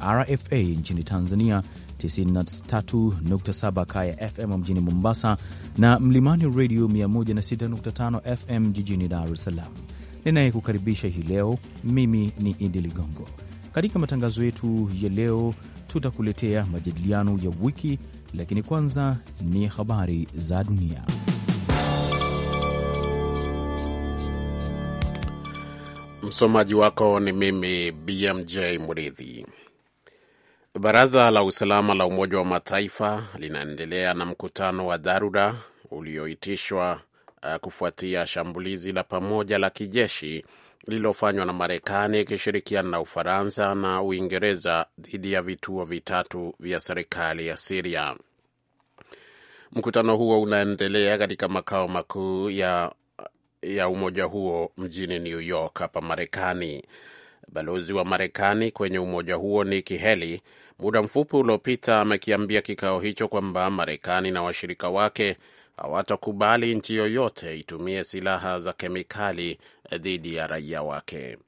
RFA nchini Tanzania, 93.7 Kaya FM mjini Mombasa na Mlimani Radio 106.5 FM jijini Dar es Salaam. Ninayekukaribisha hii leo mimi ni Idi Ligongo. Katika matangazo yetu ya leo tutakuletea majadiliano ya wiki, lakini kwanza ni habari za dunia. Msomaji wako ni mimi BMJ Mridhi. Baraza la Usalama la Umoja wa Mataifa linaendelea na mkutano wa dharura ulioitishwa uh, kufuatia shambulizi la pamoja la kijeshi lililofanywa na Marekani ikishirikiana na Ufaransa na Uingereza dhidi ya vituo vitatu vya serikali ya Siria. Mkutano huo unaendelea katika makao makuu ya, ya umoja huo mjini New York hapa Marekani. Balozi wa Marekani kwenye umoja huo Nikki Haley muda mfupi uliopita amekiambia kikao hicho kwamba Marekani na washirika wake hawatakubali nchi yoyote itumie silaha za kemikali dhidi ya raia wake.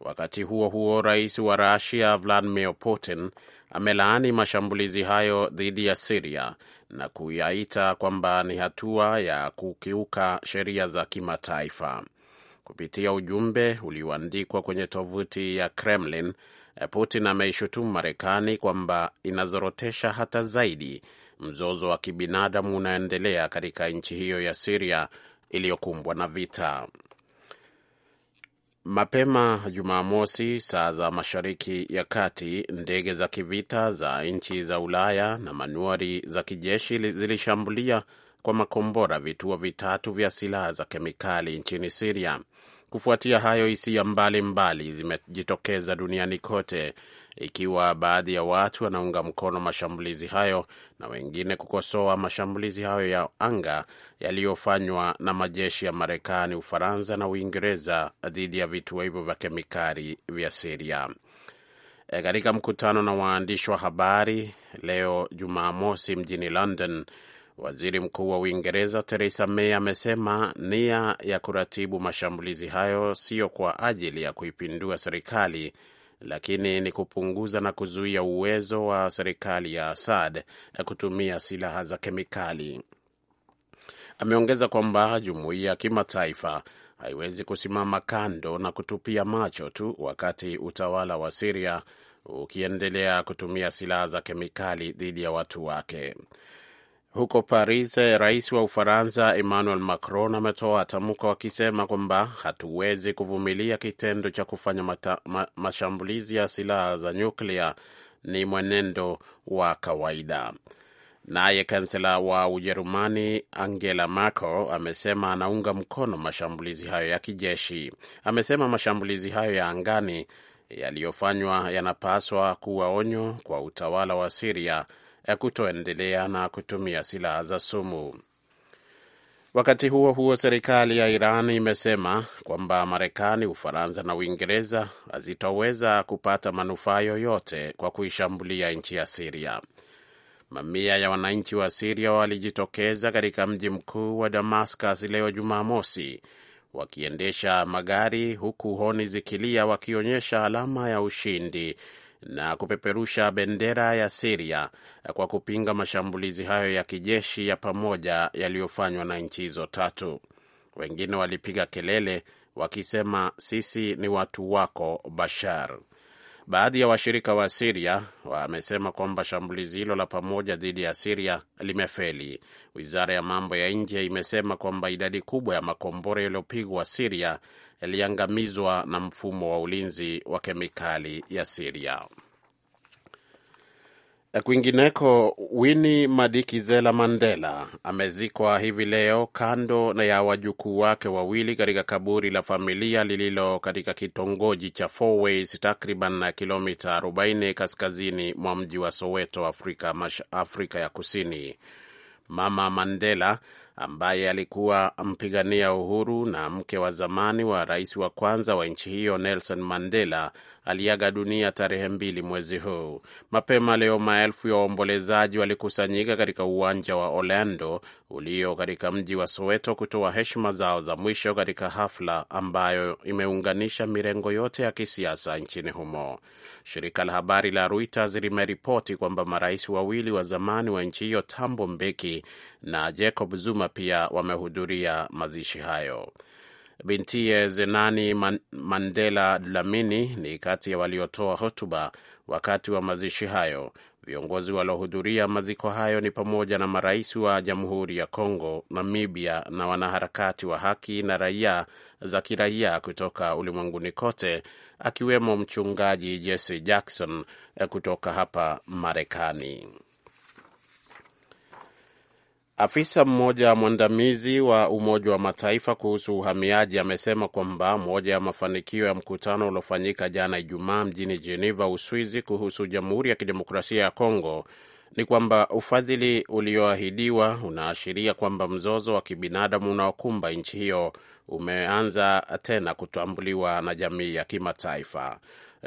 Wakati huo huo, rais wa Rusia Vladimir Putin amelaani mashambulizi hayo dhidi ya Siria na kuyaita kwamba ni hatua ya kukiuka sheria za kimataifa. Kupitia ujumbe ulioandikwa kwenye tovuti ya Kremlin, Eh, Putin ameishutumu Marekani kwamba inazorotesha hata zaidi mzozo wa kibinadamu unaendelea katika nchi hiyo ya Siria iliyokumbwa na vita. Mapema Jumamosi, saa za mashariki ya kati, ndege za kivita za nchi za Ulaya na manuari za kijeshi zilishambulia kwa makombora vituo vitatu vya silaha za kemikali nchini Siria. Kufuatia hayo, hisia mbalimbali zimejitokeza duniani kote, ikiwa baadhi ya watu wanaunga mkono mashambulizi hayo na wengine kukosoa mashambulizi hayo ya anga yaliyofanywa na majeshi ya Marekani, Ufaransa na Uingereza dhidi ya vituo hivyo vya kemikali vya Siria. E, katika mkutano na waandishi wa habari leo Jumamosi mjini London, Waziri Mkuu wa Uingereza Theresa May amesema nia ya kuratibu mashambulizi hayo siyo kwa ajili ya kuipindua serikali, lakini ni kupunguza na kuzuia uwezo wa serikali ya Assad ya kutumia silaha za kemikali. Ameongeza kwamba jumuiya ya kimataifa haiwezi kusimama kando na kutupia macho tu wakati utawala wa Siria ukiendelea kutumia silaha za kemikali dhidi ya watu wake. Huko Paris, rais wa Ufaransa Emmanuel Macron ametoa tamko akisema kwamba hatuwezi kuvumilia kitendo cha kufanya mata, ma, mashambulizi ya silaha za nyuklia ni mwenendo wa kawaida. Naye kansela wa Ujerumani Angela Merkel amesema anaunga mkono mashambulizi hayo ya kijeshi. Amesema mashambulizi hayo ya angani yaliyofanywa yanapaswa kuwa onyo kwa utawala wa Siria kutoendelea na kutumia silaha za sumu. Wakati huo huo, serikali ya Iran imesema kwamba Marekani, Ufaransa na Uingereza hazitaweza kupata manufaa yoyote kwa kuishambulia nchi ya Siria. Mamia ya wananchi wa Siria walijitokeza katika mji mkuu wa Damascus leo Jumamosi, wakiendesha magari huku honi zikilia, wakionyesha alama ya ushindi na kupeperusha bendera ya Siria kwa kupinga mashambulizi hayo ya kijeshi ya pamoja yaliyofanywa na nchi hizo tatu. Wengine walipiga kelele wakisema, sisi ni watu wako Bashar. Baadhi ya washirika wa Siria wamesema kwamba shambulizi hilo la pamoja dhidi ya Siria limefeli. Wizara ya mambo ya nje imesema kwamba idadi kubwa ya makombora yaliyopigwa Siria yaliangamizwa na mfumo wa ulinzi wa kemikali ya Siria. Kwingineko, Winnie Madikizela Mandela amezikwa hivi leo kando na ya wajukuu wake wawili katika kaburi la familia lililo katika kitongoji cha Fourways takriban kilomita 40 kaskazini mwa mji wa Soweto, Afrika, Afrika ya Kusini. Mama Mandela ambaye alikuwa mpigania uhuru na mke wa zamani wa rais wa kwanza wa nchi hiyo Nelson Mandela aliaga dunia tarehe mbili mwezi huu. Mapema leo, maelfu ya waombolezaji walikusanyika katika uwanja wa Orlando ulio katika mji wa Soweto kutoa heshima zao za mwisho katika hafla ambayo imeunganisha mirengo yote ya kisiasa nchini humo. Shirika la habari la Reuters limeripoti kwamba marais wawili wa zamani wa nchi hiyo, Thabo Mbeki na Jacob Zuma, pia wamehudhuria mazishi hayo. Bintiye Zenani Mandela Dlamini ni kati ya waliotoa hotuba wakati wa mazishi hayo. Viongozi waliohudhuria maziko hayo ni pamoja na marais wa Jamhuri ya Kongo, Namibia na wanaharakati wa haki na raia za kiraia kutoka ulimwenguni kote, akiwemo mchungaji Jesse Jackson eh, kutoka hapa Marekani. Afisa mmoja mwandamizi wa Umoja wa Mataifa kuhusu uhamiaji amesema kwamba moja ya mafanikio ya mkutano uliofanyika jana Ijumaa mjini Geneva, Uswizi, kuhusu Jamhuri ya Kidemokrasia ya Kongo ni kwamba ufadhili ulioahidiwa unaashiria kwamba mzozo wa kibinadamu unaokumba nchi hiyo umeanza tena kutambuliwa na jamii ya kimataifa.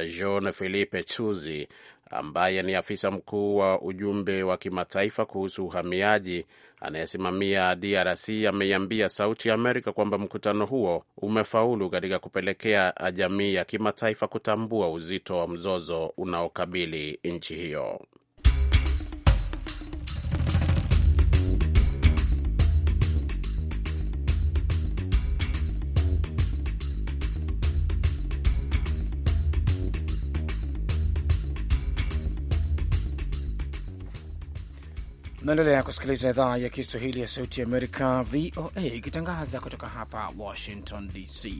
Jean Philippe Chuzi ambaye ni afisa mkuu wa ujumbe wa kimataifa kuhusu uhamiaji anayesimamia DRC ameiambia Sauti ya Amerika kwamba mkutano huo umefaulu katika kupelekea jamii ya kimataifa kutambua uzito wa mzozo unaokabili nchi hiyo. Naendelea kusikiliza idhaa ya Kiswahili ya Sauti ya Amerika, VOA, ikitangaza kutoka hapa Washington DC.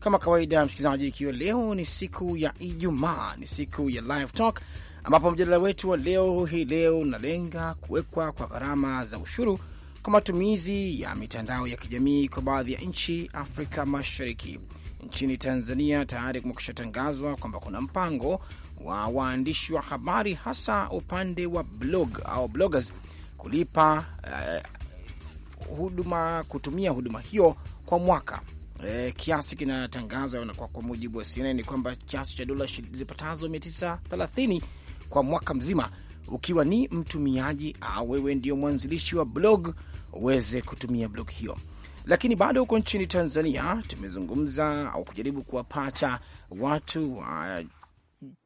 Kama kawaida, msikilizaji, ikiwa leo ni siku ya Ijumaa, ni siku ya Live Talk, ambapo mjadala wetu wa leo hii leo unalenga kuwekwa kwa gharama za ushuru kwa matumizi ya mitandao ya kijamii kwa baadhi ya nchi Afrika Mashariki. Nchini Tanzania tayari kumekusha tangazwa kwamba kuna mpango wa waandishi wa habari hasa upande wa blog au bloggers kulipa eh, huduma kutumia huduma hiyo kwa mwaka eh, kiasi kinatangazwa na kwa, kwa mujibu wa CNN ni kwamba kiasi cha dola zipatazo 930 kwa mwaka mzima, ukiwa ni mtumiaji au wewe ndio mwanzilishi wa blog uweze kutumia blog hiyo. Lakini bado huko nchini Tanzania tumezungumza au kujaribu kuwapata watu wa uh,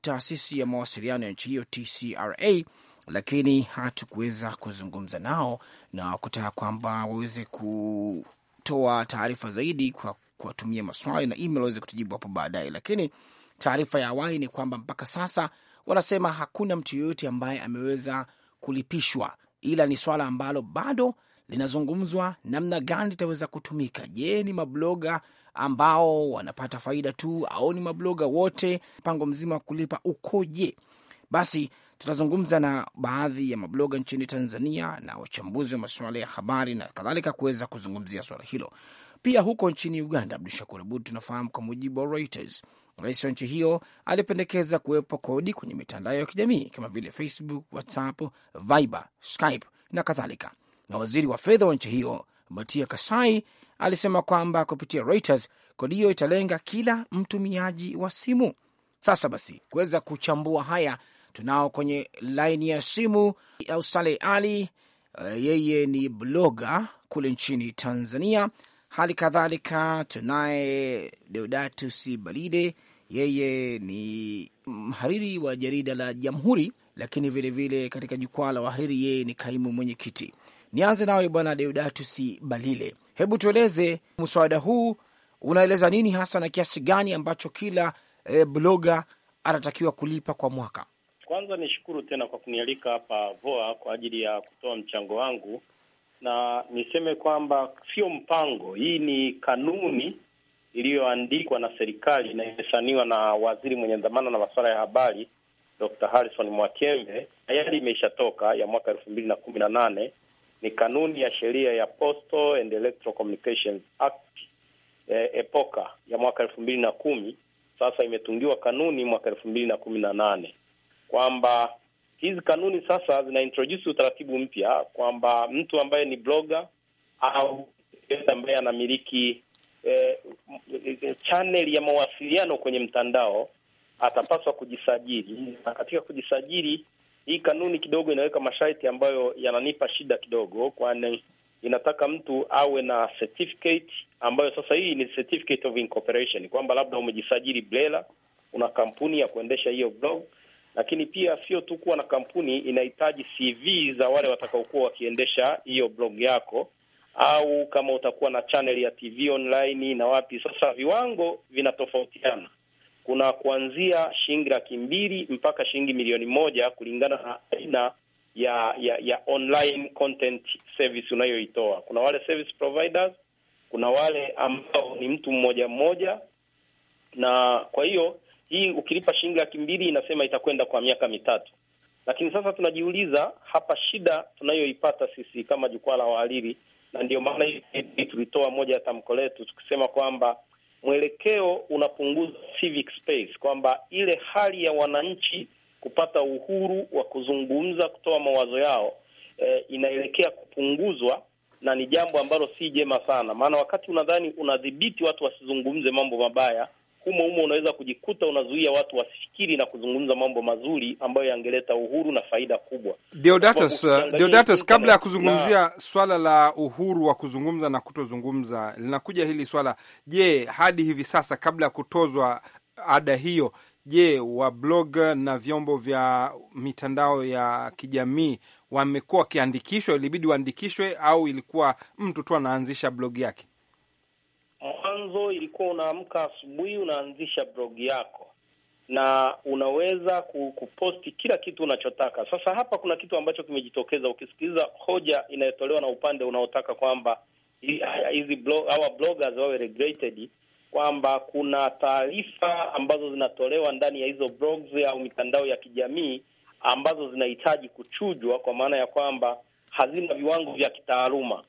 taasisi ya mawasiliano ya nchi hiyo TCRA lakini hatukuweza kuzungumza nao na kutaka kwamba waweze kutoa taarifa zaidi kwa kuwatumia maswali na email waweze kutujibu hapo baadaye, lakini taarifa ya awali ni kwamba mpaka sasa wanasema hakuna mtu yoyote ambaye ameweza kulipishwa, ila ni swala ambalo bado linazungumzwa, namna gani litaweza kutumika. Je, ni mabloga ambao wanapata faida tu au ni mabloga wote? Mpango mzima wa kulipa ukoje? Basi tutazungumza na baadhi ya mabloga nchini Tanzania na wachambuzi wa masuala ya habari na kadhalika kuweza kuzungumzia suala hilo. Pia huko nchini Uganda, Abdu Shakur Abud, tunafahamu kwa mujibu wa Reuters, rais wa nchi hiyo alipendekeza kuwepo kodi kwenye mitandao ya kijamii kama vile Facebook, WhatsApp, Viber, Skype na kadhalika. Na waziri wa fedha wa nchi hiyo Matia Kasai alisema kwamba kupitia Reuters kodi hiyo italenga kila mtumiaji wa simu. Sasa basi, kuweza kuchambua haya Tunao kwenye laini ya simu au Ali, eh, yeye ni bloga kule nchini Tanzania. Hali kadhalika tunaye Deodatus Balide, yeye ni mhariri wa jarida la Jamhuri, lakini vilevile vile katika jukwaa la wahariri yeye ni kaimu mwenyekiti. Nianze nawe Bwana Deodatus Balile, hebu tueleze mswada huu unaeleza nini hasa na kiasi gani ambacho kila e, bloga anatakiwa kulipa kwa mwaka? Kwanza nishukuru tena kwa kunialika hapa VOA kwa ajili ya kutoa mchango wangu, na niseme kwamba sio mpango, hii ni kanuni iliyoandikwa na serikali na imesaniwa na waziri mwenye dhamana na masuala ya habari Dr. Harrison mwakembe tayari imeshatoka ya mwaka elfu mbili na kumi na nane. Ni kanuni ya sheria ya Postal and Electronic Communications Act eh, EPOCA ya mwaka elfu mbili na kumi. Sasa imetungiwa kanuni mwaka elfu mbili na kumi na nane kwamba hizi kanuni sasa introduce utaratibu mpya kwamba mtu ambaye ni blogger au ambaye anamiliki eh, channel ya mawasiliano kwenye mtandao atapaswa kujisajili, na katika kujisajili hii kanuni kidogo inaweka masharti ambayo yananipa shida kidogo, kwani inataka mtu awe na certificate ambayo sasa hii ni certificate of incorporation, kwamba labda umejisajili BRELA, una kampuni ya kuendesha hiyo blog lakini pia sio tu kuwa na kampuni, inahitaji CV za wale watakaokuwa wakiendesha hiyo blog yako, au kama utakuwa na channel ya TV online na wapi. Sasa viwango vinatofautiana, kuna kuanzia shilingi laki mbili mpaka shilingi milioni moja kulingana na aina ya ya ya online content service unayoitoa. Kuna wale service providers, kuna wale ambao ni mtu mmoja mmoja, na kwa hiyo hii ukilipa shilingi laki mbili inasema itakwenda kwa miaka mitatu. Lakini sasa tunajiuliza hapa, shida tunayoipata sisi kama jukwaa la wahariri, na ndio maana hii tulitoa moja ya tamko letu tukisema kwamba mwelekeo unapunguza civic space, kwamba ile hali ya wananchi kupata uhuru wa kuzungumza, kutoa mawazo yao e, inaelekea kupunguzwa, na ni jambo ambalo si jema sana, maana wakati unadhani unadhibiti watu wasizungumze mambo mabaya humo humo unaweza kujikuta unazuia watu wasifikiri na kuzungumza mambo mazuri ambayo yangeleta uhuru na faida kubwa. Deodatus, Deodatus, kabla ya kuzungumzia na... swala la uhuru wa kuzungumza na kutozungumza, linakuja hili swala, je, hadi hivi sasa kabla ya kutozwa ada hiyo, je, wablog na vyombo vya mitandao ya kijamii wamekuwa wakiandikishwa? Ilibidi waandikishwe au ilikuwa mtu tu anaanzisha blog yake? mwanzo ilikuwa unaamka asubuhi, unaanzisha blog yako na unaweza kuposti kila kitu unachotaka. Sasa hapa kuna kitu ambacho kimejitokeza, ukisikiliza hoja inayotolewa na upande unaotaka kwamba hizi blog, wawe regulated, kwamba kuna taarifa ambazo zinatolewa ndani ya hizo blogs au mitandao ya kijamii ambazo zinahitaji kuchujwa, kwa maana ya kwamba hazina viwango vya kitaaluma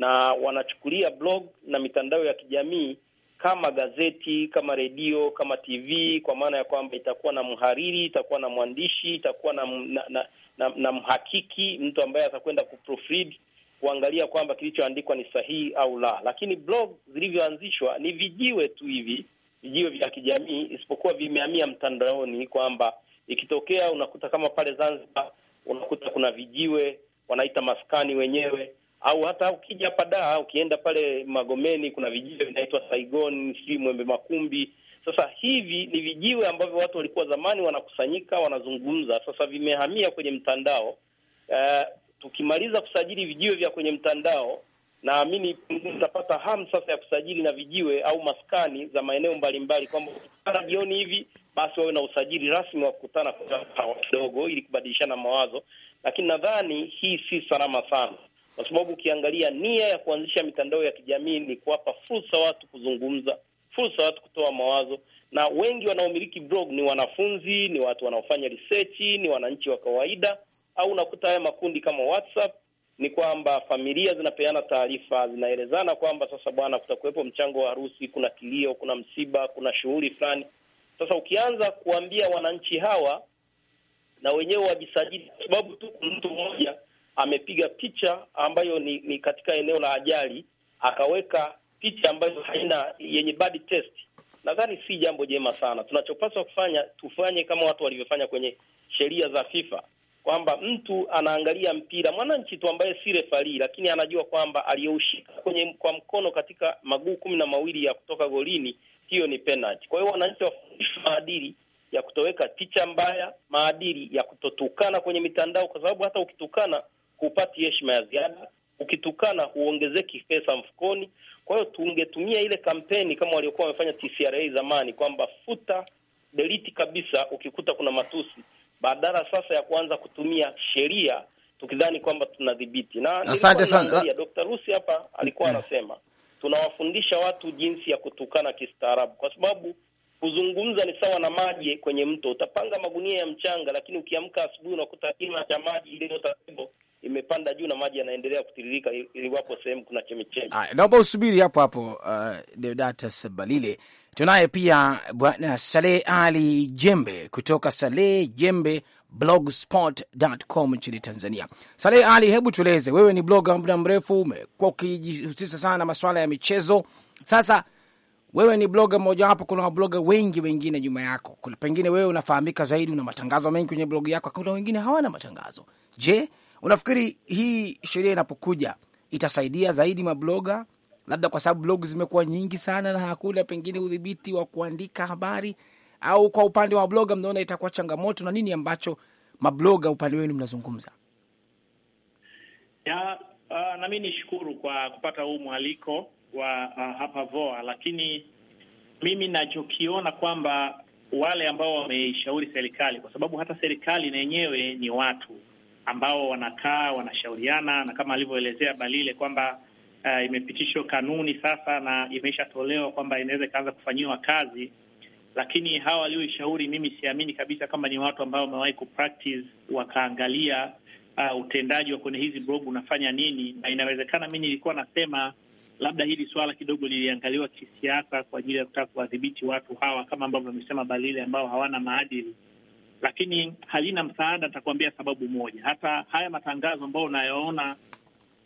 na wanachukulia blog na mitandao ya kijamii kama gazeti, kama redio, kama TV, kwa maana ya kwamba itakuwa na mhariri, itakuwa na mwandishi, itakuwa na, na, na, na, na mhakiki, mtu ambaye atakwenda kuproofread kuangalia kwamba kilichoandikwa ni sahihi au la. Lakini blog zilivyoanzishwa ni vijiwe tu hivi, vijiwe vya kijamii, isipokuwa vimehamia mtandaoni, kwamba ikitokea unakuta kama pale Zanzibar unakuta kuna vijiwe wanaita maskani wenyewe au hata ukija hapa da ukienda pale Magomeni kuna vijiwe vinaitwa Saigon, sijui Mwembe Makumbi. Sasa hivi ni vijiwe ambavyo watu walikuwa zamani wanakusanyika, wanazungumza, sasa vimehamia kwenye mtandao. Uh, tukimaliza kusajili vijiwe vya kwenye mtandao, naamini tutapata hamu sasa ya kusajili na vijiwe au maskani za maeneo mbalimbali, kwamba ukikutana jioni hivi basi wawe na usajili rasmi wa kukutana kwa kidogo, ili kubadilishana mawazo, lakini nadhani hii si salama sana kwa sababu ukiangalia nia ya kuanzisha mitandao ya kijamii ni kuwapa fursa watu kuzungumza, fursa watu kutoa mawazo, na wengi wanaomiliki blog ni wanafunzi, ni watu wanaofanya research, ni wananchi wa kawaida, au unakuta haya makundi kama WhatsApp ni kwamba familia zinapeana taarifa, zinaelezana kwamba sasa, bwana, kutakuwepo mchango wa harusi, kuna kilio, kuna msiba, kuna shughuli fulani. Sasa ukianza kuambia wananchi hawa na wenyewe wajisajili, kwa sababu tu mtu mmoja amepiga picha ambayo ni, ni katika eneo la ajali, akaweka picha ambayo haina yenye bad test, nadhani si jambo jema sana. Tunachopaswa kufanya tufanye kama watu walivyofanya kwenye sheria za FIFA kwamba mtu anaangalia mpira, mwananchi tu ambaye si refarii, lakini anajua kwamba aliyeushika kwenye kwa mkono katika maguu kumi na mawili ya kutoka golini, hiyo ni penalty. Kwa hiyo wananchi wafundishwe maadili ya kutoweka picha mbaya, maadili ya kutotukana kwenye mitandao, kwa sababu hata ukitukana hupati heshima ya ziada, ukitukana huongezeki pesa mfukoni. Kwa hiyo tungetumia ile kampeni kama waliokuwa wamefanya TCRA zamani, kwamba futa deliti kabisa ukikuta kuna matusi, badala sasa ya kuanza kutumia sheria tukidhani kwamba tunadhibiti. Na asante sana Dr. Rusi hapa alikuwa anasema tunawafundisha watu jinsi ya kutukana kistaarabu, kwa sababu kuzungumza ni sawa na maji kwenye mto. Utapanga magunia ya mchanga, lakini ukiamka asubuhi unakuta kima cha maji iliyo tatizo imepanda juu na maji yanaendelea kutiririka iliwapo sehemu kuna chemichemi. Ah, Naomba usubiri hapo hapo, uh, Deodatus Balile. Tunaye pia bwana Saleh Ali Jembe kutoka Saleh Jembe blogspot.com nchini Tanzania. Saleh Ali, hebu tueleze, wewe ni bloga muda mrefu, umekuwa ukijihusisha sana na masuala ya michezo. Sasa wewe ni bloga mmojawapo, kuna wabloga wengi wengine nyuma yako, pengine wewe unafahamika zaidi, una matangazo mengi kwenye blogu yako, kuna wengine hawana matangazo. Je, Unafikiri hii sheria inapokuja itasaidia zaidi mabloga, labda kwa sababu blog zimekuwa nyingi sana na hakuna pengine udhibiti wa kuandika habari, au kwa upande wa bloga mnaona itakuwa changamoto, na nini ambacho mabloga upande wenu mnazungumza? Ya, uh, nami nishukuru kwa kupata huu mwaliko wa uh, hapa VOA, lakini mimi nachokiona kwamba wale ambao wameishauri serikali, kwa sababu hata serikali na yenyewe ni watu ambao wanakaa wanashauriana, na kama alivyoelezea Balile kwamba uh, imepitishwa kanuni sasa na imeshatolewa kwamba inaweza ikaanza kufanyiwa kazi, lakini hawa walioishauri, mimi siamini kabisa kama ni watu ambao wamewahi kupractice wakaangalia uh, utendaji wa kwenye hizi blog unafanya nini, na inawezekana mi nilikuwa nasema labda hili swala kidogo liliangaliwa kisiasa kwa ajili ya kutaka kuwadhibiti watu hawa, kama ambavyo amesema Balile, ambao hawana maadili lakini halina msaada. Nitakuambia sababu moja. Hata haya matangazo ambayo unayoona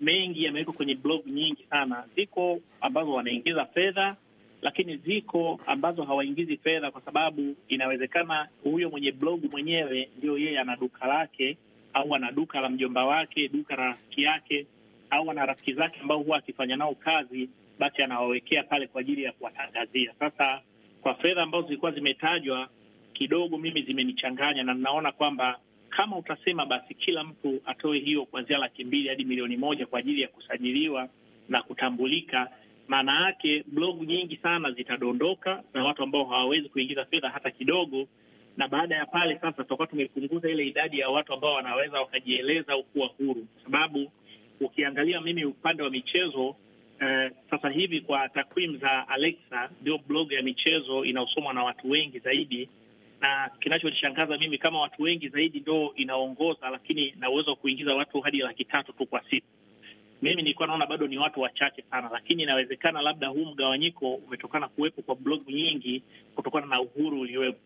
mengi yamewekwa kwenye blog nyingi sana, ziko ambazo wanaingiza fedha, lakini ziko ambazo hawaingizi fedha, kwa sababu inawezekana huyo mwenye blog mwenyewe ndio yeye ana duka lake au ana duka la mjomba wake, duka la rafiki yake, au ana rafiki zake ambao huwa akifanya nao kazi, basi anawawekea pale kwa ajili ya kuwatangazia. Sasa kwa fedha ambazo zilikuwa zimetajwa kidogo mimi zimenichanganya, na ninaona kwamba kama utasema basi kila mtu atoe hiyo kuanzia laki mbili hadi milioni moja kwa ajili ya kusajiliwa na kutambulika, maana yake blogu nyingi sana zitadondoka na watu ambao hawawezi kuingiza fedha hata kidogo. Na baada ya pale sasa, tutakuwa tumepunguza ile idadi ya watu ambao wanaweza wakajieleza au kuwa huru, kwa sababu ukiangalia mimi upande wa michezo Uh, sasa hivi kwa takwimu za Alexa ndio blog ya michezo inaosomwa na watu wengi zaidi na kinachonishangaza mimi kama watu wengi zaidi ndo inaongoza, lakini na uwezo wa kuingiza watu hadi laki tatu tu kwa siku. Mimi nilikuwa naona bado ni watu wachache sana, lakini inawezekana labda huu mgawanyiko umetokana kuwepo kwa blogu nyingi kutokana na uhuru uliowepo.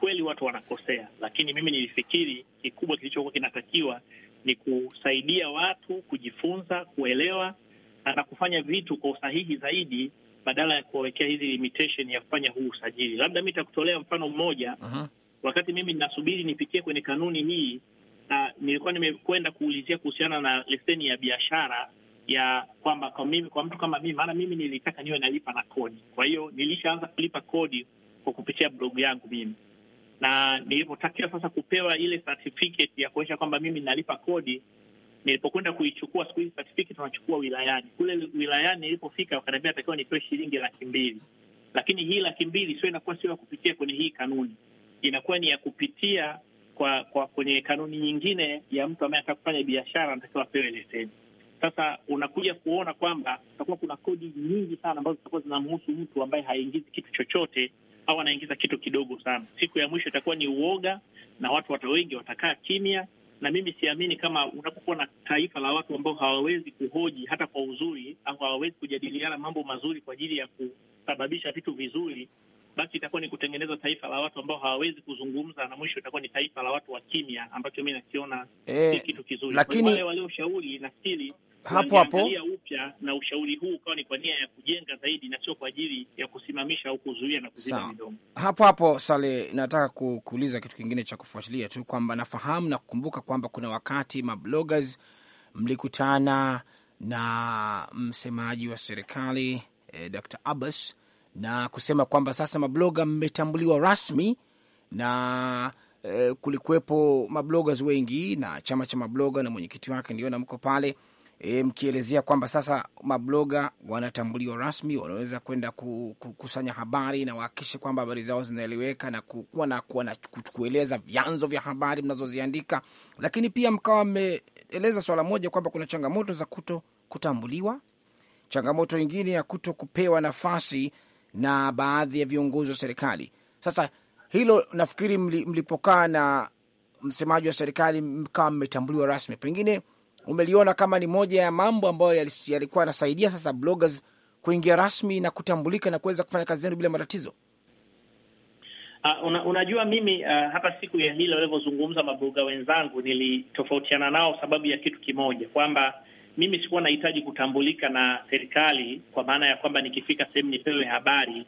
Kweli watu wanakosea, lakini mimi nilifikiri kikubwa kilichokuwa kinatakiwa ni kusaidia watu kujifunza, kuelewa na kufanya vitu kwa usahihi zaidi badala ya kuwawekea hizi limitation ya kufanya huu usajili. Labda mi nitakutolea mfano mmoja. uh -huh. Wakati mimi ninasubiri nipitie kwenye kanuni hii na nilikuwa nimekwenda kuulizia kuhusiana na leseni ya biashara ya kwamba kwa mimi, kwa mtu kama mimi, maana mimi nilitaka niwe nalipa na kodi, kwa hiyo nilishaanza kulipa kodi kwa kupitia blogu yangu mimi, na nilipotakiwa sasa kupewa ile certificate ya kuonyesha kwamba mimi nalipa kodi, Nilipokwenda kuichukua siku hizi certificate tunachukua wilayani, kule wilayani nilipofika wakaniambia natakiwa nitoe shilingi laki mbili, lakini hii laki mbili sio inakuwa sio ya kupitia kwenye hii kanuni, inakuwa ni ya kupitia kwa kwa kwenye kanuni nyingine ya mtu ambaye anataka kufanya biashara anatakiwa apewe leseni. Sasa unakuja kuona kwamba kutakuwa kuna kodi nyingi sana ambazo zitakuwa zinamhusu mtu ambaye haingizi kitu chochote au anaingiza kitu kidogo sana. Siku ya mwisho itakuwa ni uoga, na watu wata wengi watakaa kimya na mimi siamini kama unapokuwa na taifa la watu ambao hawawezi kuhoji hata kwa uzuri au hawawezi kujadiliana mambo mazuri kwa ajili ya kusababisha vitu vizuri, basi itakuwa ni kutengeneza taifa la watu ambao hawawezi kuzungumza, na mwisho itakuwa ni taifa la watu wa kimya, ambacho mi nakiona si eh, kitu kizuri. Lakini wale walioshauri nafikiri hapo hapo upya na ushauri huu ukawa ni kwa nia ya kujenga zaidi na sio kwa ajili ya kusimamisha au kuzuia na kuziba midomo. Hapo hapo Sale, nataka kuuliza kitu kingine cha kufuatilia tu kwamba nafahamu na kukumbuka kwamba kuna wakati mabloggers mlikutana na msemaji wa serikali eh, Dr. Abbas na kusema kwamba sasa mabloga mmetambuliwa rasmi na eh, kulikuwepo mabloggers wengi na chama cha mabloga na mwenyekiti wake ndio na mko pale e, mkielezea kwamba sasa mabloga wanatambuliwa rasmi, wanaweza kwenda kukusanya habari na wahakikishe kwamba habari zao zinaeleweka na kuwa na, kuwa na kueleza vyanzo vya habari mnazoziandika, lakini pia mkawa mmeeleza swala moja kwamba kuna changamoto za kuto kutambuliwa, changamoto ingine ya kuto kupewa nafasi na baadhi ya viongozi wa serikali. Sasa hilo nafikiri mlipokaa na msemaji wa serikali mkawa mmetambuliwa rasmi, pengine umeliona kama ni moja ya mambo ambayo yalikuwa yanasaidia sasa bloggers kuingia rasmi na kutambulika na kuweza kufanya kazi zenu bila matatizo? Uh, una, unajua mimi uh, hapa siku ya hilo walivyozungumza mabloga wenzangu nilitofautiana nao sababu ya kitu kimoja kwamba mimi sikuwa nahitaji kutambulika na serikali kwa maana ya kwamba nikifika sehemu nipewe habari.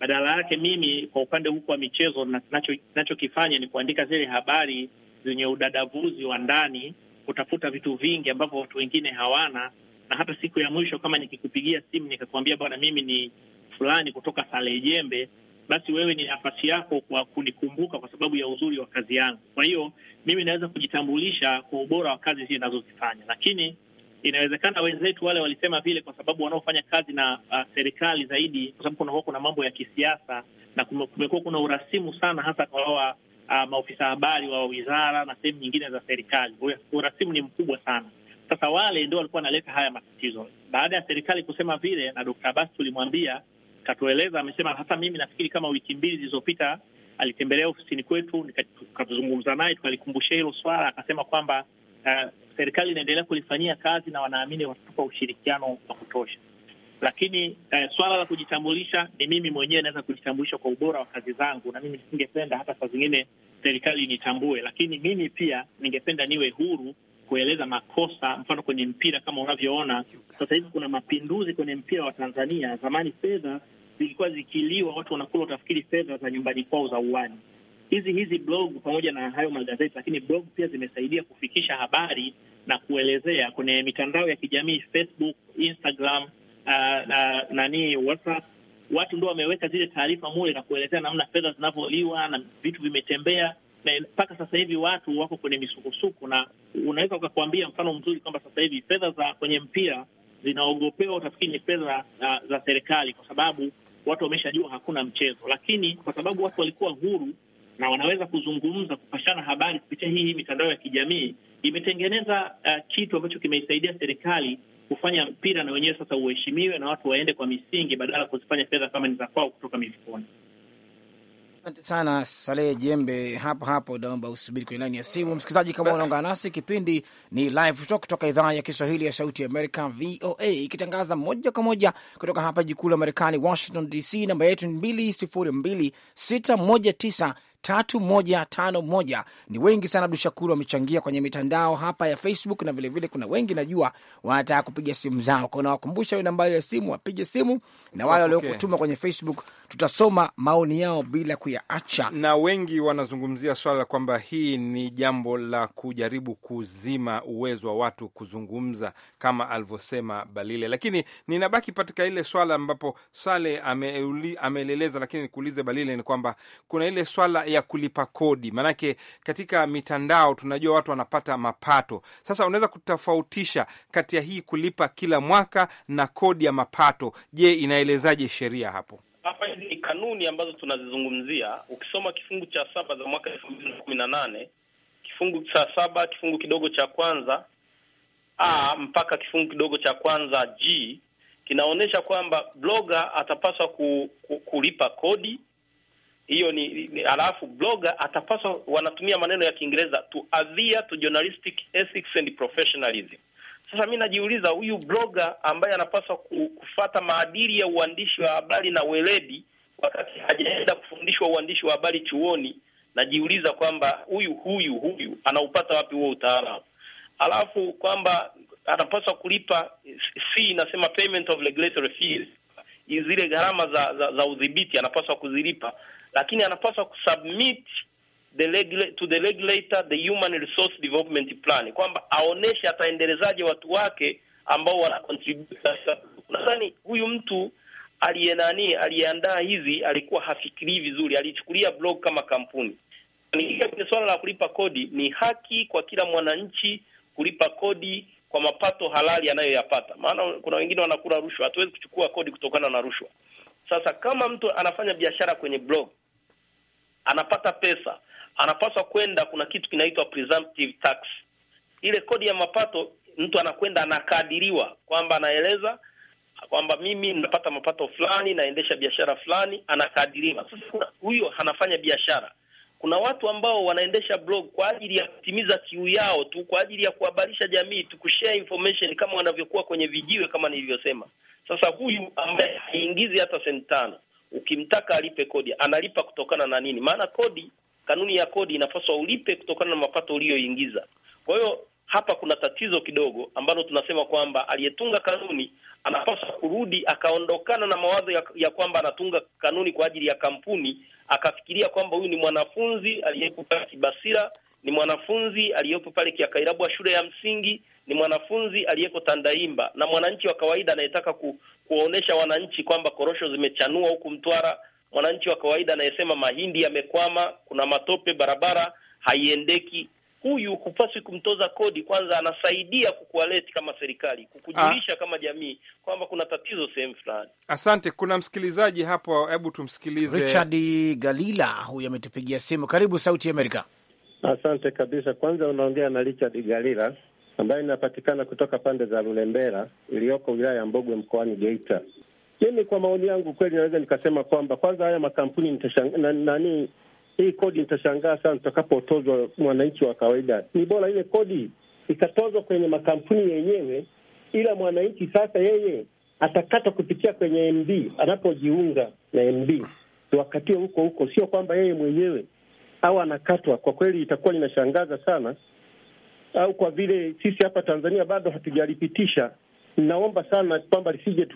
Badala yake mimi kwa upande huku wa michezo nachokifanya nacho ni kuandika zile habari zenye udadavuzi wa ndani kutafuta vitu vingi ambavyo watu wengine hawana, na hata siku ya mwisho kama nikikupigia simu nikakwambia, bwana, mimi ni fulani kutoka Salejembe, basi wewe ni nafasi yako kwa kunikumbuka kwa sababu ya uzuri wa kazi yangu. Kwa hiyo mimi naweza kujitambulisha kwa ubora wa kazi zile nazozifanya lakini inawezekana wenzetu wale walisema vile kwa sababu wanaofanya kazi na uh, serikali zaidi, kwa sababu kunakuwa kuna mambo ya kisiasa na kumekuwa kuna urasimu sana, hasa kwa hawa uh, maofisa habari wa wizara na sehemu nyingine za serikali. Urasimu ni mkubwa sana. Sasa wale ndio walikuwa wanaleta haya matatizo. Baada ya serikali kusema vile, na Dkt. Abbas tulimwambia, katueleza, amesema hata mimi nafikiri kama wiki mbili zilizopita alitembelea ofisini kwetu, tukazungumza naye, tukalikumbusha hilo swala, akasema kwamba uh, serikali inaendelea kulifanyia kazi na wanaamini watatupa ushirikiano wa kutosha. Lakini eh, swala la kujitambulisha ni mimi mwenyewe naweza kujitambulisha kwa ubora wa kazi zangu, na mimi nisingependa hata saa zingine serikali nitambue, lakini mimi pia ningependa niwe huru kueleza makosa. Mfano kwenye mpira kama unavyoona sasa hivi kuna mapinduzi kwenye mpira wa Tanzania. Zamani fedha zilikuwa zikiliwa, watu wanakula, utafikiri fedha za nyumbani kwao za uwani. Hizi hizi blog pamoja na hayo magazeti, lakini blog pia zimesaidia kufikisha habari na kuelezea kwenye mitandao ya kijamii, Facebook, Instagram na nani WhatsApp, watu ndo wameweka zile taarifa mule na kuelezea namna fedha zinavyoliwa na vitu vimetembea, na mpaka sasa hivi watu wako kwenye misukosuko, na unaweza ukakwambia mfano mzuri kwamba sasa hivi fedha za kwenye mpira zinaogopewa, utafikiri ni fedha za, za serikali, kwa sababu watu wameshajua hakuna mchezo, lakini kwa sababu watu walikuwa huru na wanaweza kuzungumza, kupashana habari kupitia hii mitandao ya kijamii, imetengeneza uh, kitu ambacho kimeisaidia serikali kufanya mpira na wenyewe sasa uheshimiwe na watu waende kwa misingi badala ya kuzifanya fedha kama ni za kwao kutoka mifukoni. Asante sana Saleh Jembe, hapo hapo naomba usubiri kwenye laini ya simu. Msikilizaji, kama unaungana nasi, kipindi ni Live Talk kutoka idhaa ya Kiswahili ya Sauti ya Amerika, VOA, ikitangaza moja kwa moja kutoka hapa jikuu la Marekani, Washington DC. Namba yetu ni 202619 tatu moja tano moja. Ni wengi sana, Abdu Shakuru, wamechangia kwenye mitandao hapa ya Facebook na vilevile vile, kuna wengi najua wanataka kupiga simu zao kwao. Nawakumbusha hiyo nambari ya simu, wapige simu na wale okay, waliokutuma kwenye Facebook tutasoma maoni yao bila kuyaacha. Na wengi wanazungumzia swala la kwamba hii ni jambo la kujaribu kuzima uwezo wa watu kuzungumza kama alivyosema Balile, lakini ninabaki katika ile swala ambapo Sale ameeleleza, lakini nikuulize Balile, ni kwamba kuna ile swala ya kulipa kodi, maanake katika mitandao tunajua watu wanapata mapato. Sasa unaweza kutofautisha kati ya hii kulipa kila mwaka na kodi ya mapato. Je, inaelezaje sheria hapo? Hapa hizi ni kanuni ambazo tunazizungumzia. Ukisoma kifungu cha saba za mwaka elfu mbili na kumi na nane kifungu cha saba kifungu kidogo cha kwanza a mpaka kifungu kidogo cha kwanza g kinaonyesha kwamba bloga atapaswa ku, ku, kulipa kodi hiyo ni, ni alafu blogger atapaswa, wanatumia maneno ya Kiingereza to adhere to journalistic ethics and professionalism. Sasa mi najiuliza huyu blogger ambaye anapaswa kufata maadili ya uandishi wa habari na weledi, wakati hajaenda kufundishwa uandishi wa habari chuoni, najiuliza kwamba huyu huyu huyu anaupata wapi huo utaalamu? Alafu kwamba anapaswa kulipa fee, inasema payment of regulatory fees, zile gharama za za, za udhibiti anapaswa kuzilipa lakini anapaswa kusubmit the regula to the regulator the human resource development plan, kwamba aoneshe ataendelezaje watu wake ambao wana contribute. Nadhani huyu mtu aliye nani aliyeandaa hizi alikuwa hafikirii vizuri, alichukulia blog kama kampuni. Kwenye suala la kulipa kodi, ni haki kwa kila mwananchi kulipa kodi kwa mapato halali anayoyapata, maana kuna wengine wanakula rushwa. Hatuwezi kuchukua kodi kutokana na rushwa. Sasa kama mtu anafanya biashara kwenye blog anapata pesa, anapaswa kwenda, kuna kitu kinaitwa presumptive tax. Ile kodi ya mapato, mtu anakwenda anakadiriwa, kwamba anaeleza kwamba mimi napata mapato fulani, naendesha biashara fulani, anakadiriwa. Sasa huyo anafanya biashara. Kuna watu ambao wanaendesha blog kwa ajili ya kutimiza kiu yao tu, kwa ajili ya kuhabarisha jamii tu, kushare information kama wanavyokuwa kwenye vijiwe, kama nilivyosema. Sasa huyu ambaye haingizi hata senti tano ukimtaka alipe kodi analipa kutokana na nini? Maana kodi, kanuni ya kodi inapaswa ulipe kutokana na mapato uliyoingiza. Kwa hiyo hapa kuna tatizo kidogo ambalo tunasema kwamba aliyetunga kanuni anapaswa kurudi akaondokana na mawazo ya, ya kwamba anatunga kanuni kwa ajili ya kampuni, akafikiria kwamba huyu ni mwanafunzi aliyepo pale Kibasira, ni mwanafunzi aliyepo pale Kiakairabu wa shule ya msingi, ni mwanafunzi aliyeko Tandaimba, na mwananchi wa kawaida anayetaka ku, kuwaonyesha wananchi kwamba korosho zimechanua huku Mtwara. Mwananchi wa kawaida anayesema mahindi yamekwama, kuna matope, barabara haiendeki, huyu hupaswi kumtoza kodi. Kwanza anasaidia kukualeti kama serikali, kukujulisha ah. kama jamii kwamba kuna tatizo sehemu fulani. Asante. Kuna msikilizaji hapo, hebu tumsikilize. Richard Galila huyu ametupigia simu. Karibu Sauti Amerika. Asante kabisa. Kwanza unaongea na Richard Galila ambayo inapatikana kutoka pande za Lulembera iliyoko wilaya ya Mbogwe mkoani Geita. Mimi kwa maoni yangu kweli naweza nikasema kwamba kwanza, haya makampuni nani, hii kodi nitashangaa sana tutakapotozwa mwananchi wa kawaida. Ni bora ile kodi ikatozwa kwenye makampuni yenyewe, ila mwananchi sasa yeye atakata kupitia kwenye MB anapojiunga na MB, wakatie huko huko, sio kwamba yeye mwenyewe au anakatwa. Kwa kweli itakuwa linashangaza sana au kwa vile sisi hapa Tanzania bado hatujalipitisha, naomba sana kwamba lisije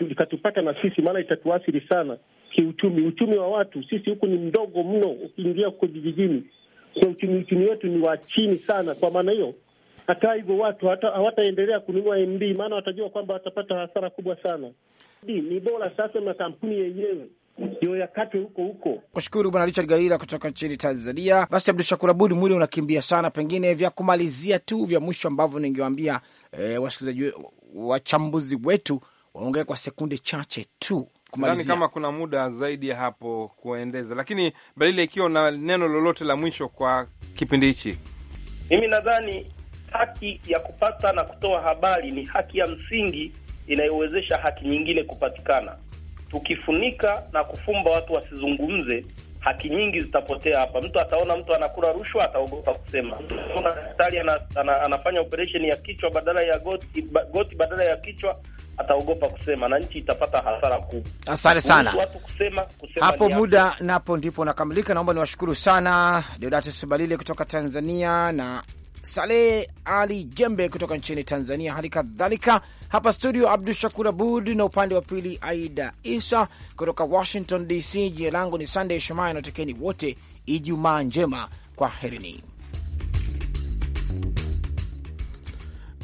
likatupata na sisi, maana itatuathiri sana kiuchumi. Uchumi wa watu sisi huku ni mdogo mno, ukiingia huko vijijini kwa uchumi, uchumi wetu ni wa chini sana. Kwa maana hiyo, hata hivyo watu hawataendelea kununua MD, maana watajua kwamba watapata hasara kubwa sana. Ni bora sasa na kampuni yenyewe ndio yakatwe huko huko. Kushukuru Bwana Richard Galila kutoka nchini Tanzania. Basi Abdu Shakur Abud, mwili unakimbia sana, pengine vya kumalizia tu vya mwisho ambavyo ningewaambia e, wasikilizaji wachambuzi wetu waongee kwa sekunde chache tu kumalizia. kama kuna muda zaidi ya hapo kuendeza, lakini Balile, ikiwa na neno lolote la mwisho kwa kipindi hichi. Mimi nadhani haki ya kupata na kutoa habari ni haki ya msingi inayowezesha haki nyingine kupatikana tukifunika na kufumba watu wasizungumze, haki nyingi zitapotea hapa. Mtu ataona mtu anakula rushwa, ataogopa kusema. Mtu daktari ana, ana, anafanya operesheni ya kichwa badala ya goti, goti badala ya kichwa ataogopa kusema na nchi itapata hasara kubwa. Asante sana watu kusema, kusema hapo. Muda napo ndipo nakamilika. Naomba niwashukuru sana Deodatus Balile kutoka Tanzania na Saleh Ali Jembe kutoka nchini Tanzania, hali kadhalika hapa studio Abdu Shakur Abud na upande wa pili Aida Isa kutoka Washington DC. Jina langu ni Sandey Shomaya, natekeni wote Ijumaa njema, kwa herini.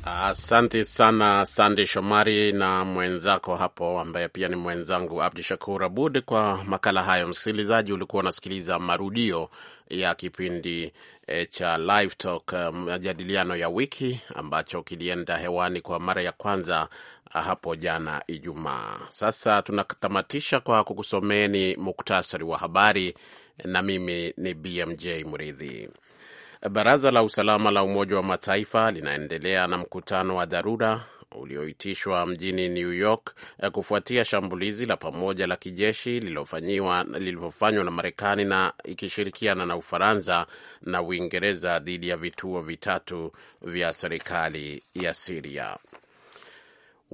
Asante uh, sana Sande Shomari na mwenzako hapo ambaye pia ni mwenzangu Abdu Shakur Abud kwa makala hayo. Msikilizaji, ulikuwa unasikiliza marudio ya kipindi e, cha Live Talk um, majadiliano um, ya wiki ambacho kilienda hewani kwa mara ya kwanza uh, hapo jana Ijumaa. Sasa tunatamatisha kwa kukusomeni muktasari wa habari, na mimi ni BMJ Mridhi. Baraza la Usalama la Umoja wa Mataifa linaendelea na mkutano wa dharura ulioitishwa mjini New York eh, kufuatia shambulizi la pamoja la kijeshi lililofanywa na Marekani na ikishirikiana na Ufaransa na Uingereza dhidi ya vituo vitatu vya serikali ya Siria.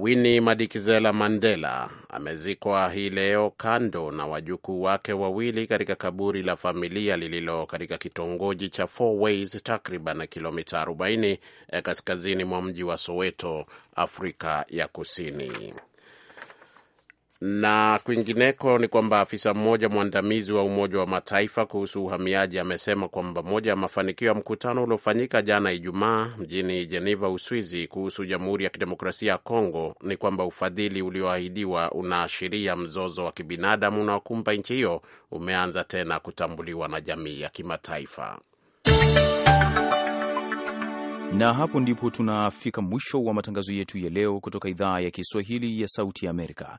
Winnie Madikizela Mandela amezikwa hii leo kando na wajukuu wake wawili katika kaburi la familia lililo katika kitongoji cha Four Ways takriban kilomita 40 eh, kaskazini mwa mji wa Soweto, Afrika ya Kusini. Na kwingineko ni kwamba afisa mmoja mwandamizi wa Umoja wa Mataifa kuhusu uhamiaji amesema kwamba moja ya mafanikio ya mkutano uliofanyika jana Ijumaa mjini Jeneva, Uswizi, kuhusu Jamhuri ya Kidemokrasia ya Kongo ni kwamba ufadhili ulioahidiwa unaashiria mzozo wa kibinadamu unaokumba nchi hiyo umeanza tena kutambuliwa na jamii ya kimataifa. Na hapo ndipo tunafika mwisho wa matangazo yetu ya leo kutoka idhaa ya Kiswahili ya Sauti ya Amerika.